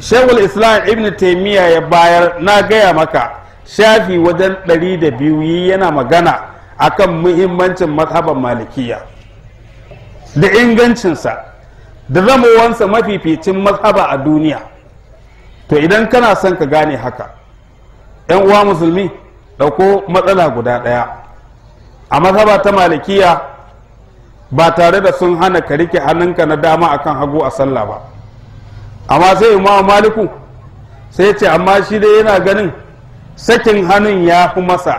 shagul islam ibn taimiyya ya bayar na gaya maka shafi wajen ɗari da biyu yana magana akan muhimmancin mazhaban malikiya da ingancinsa da zamowansa mafificin mazhaba a duniya to idan kana son ka gane haka 'yan uwa musulmi ɗauko matsala guda ɗaya a mazhaba ta malikiya ba tare da sun hana ka rike hannunka na dama akan hagu a sallah ba amma sai imamu maliku sai ce amma shi dai yana ganin sakin hannun ya fi masa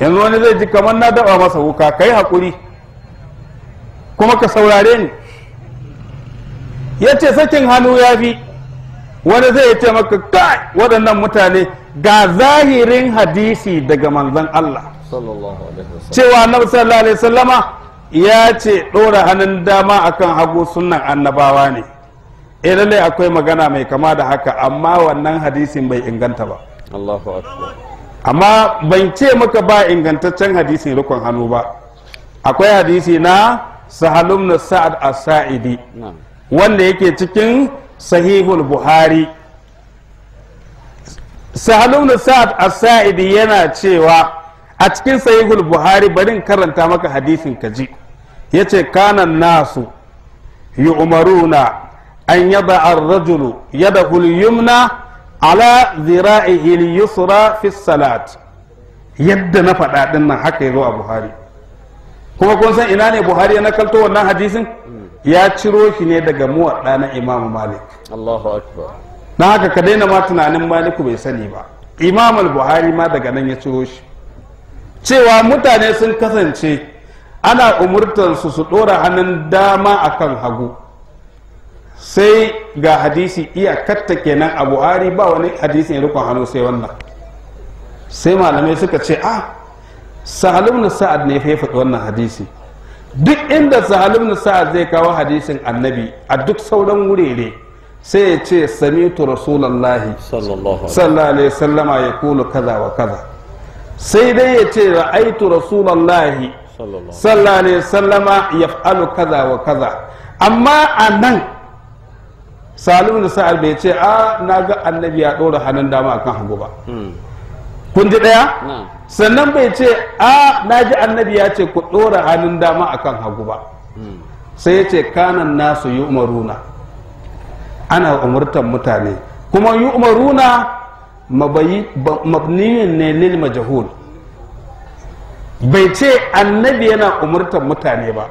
yanzu wani zai ji kamar na daba masa wuka kai haƙuri kuma ka saurare ni ya ce sakin hannu ya fi wani zai ce maka kai waɗannan mutane ga zahirin hadisi daga manzan Allah cewa na sallallahu alaihi sallama ya ce ɗora hannun dama akan hagu sunan annabawa ne eh lallai akwai magana mai kama da haka amma wannan hadisin bai inganta ba Allahu amma ban ce maka ba ingantaccen hadisin rukun hannu ba akwai hadisi na sahalum na sa'ad as-sa'idi wanda yake cikin sahihul buhari sahalum na sa'ad as-sa'idi yana cewa a cikin sahihul buhari barin karanta maka hadisin kaji yace kanan nasu umaruna. an yaba ar-rajulu yadahu yumna ala zira'ihi al-yusra fi salat yadda na faɗa din nan haka yazo a Buhari kuma kun san ina ne Buhari ya nakalto wannan hadisin ya ciro shi ne daga muwadda na Imam Malik Na haka ka daina ma tunanin Maliku bai sani ba Imam buhari ma daga nan ya ciro shi cewa mutane sun kasance ana umurtansu su ɗora hannun dama akan hagu sai ga hadisi katta kenan a buhari ba wani ya rikon hannu sai wannan sai malamai suka ce a ah, sahalum na sa'ad ne ya wannan hadisi duk inda sahalum na sa'ad zai kawo hadisin annabi a duk sauran wurere sai ya ce samitu rasulallahi sallallahu alaihi sallama ya kulu kaza wa kaza sai dai ya ce ra'aitu rasulallahi sallallahu alaihi sallama ya kaza wa kaza amma a nan salim da sa'ad bai ce a na ga annabi ya ɗora hannun dama akan hagu ba hmm. kun ji ɗaya sannan bai ce a na ji annabi ya ce ku ɗora hannun dama akan hagu ba hmm. sai ya ce kanan nasu yi umaruna ana umurtan mutane kuma yi umaruna mabniyin ne lil majahul bai ce annabi yana umurtan mutane ba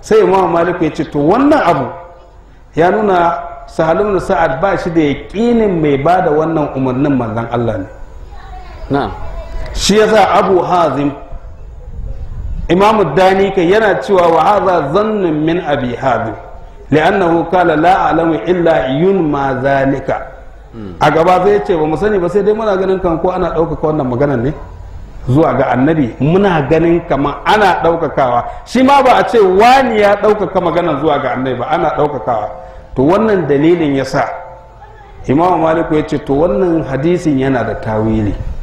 sai imam malik ya ce to wannan abu ya nuna sahalun da sa'ad ba shi da yaƙinin mai ba da wannan umarnin mazan Allah ne na'am shi yasa abu hazim imamu dani kai yana cewa wa hadha zannun min abi hazim li'annahu qala la a'lamu illa yun ma zalika a gaba zai ce ba mu sani ba sai dai muna ganin kan ko ana ɗaukaka wannan maganar ne zuwa ga annabi muna ganin kama ana ɗaukakawa shi ma ba a ce wani ya ɗaukaka maganan zuwa ga annabi ba ana ɗaukakawa to wannan dalilin ya sa imamu maliku ya ce to wannan hadisin yana da tawili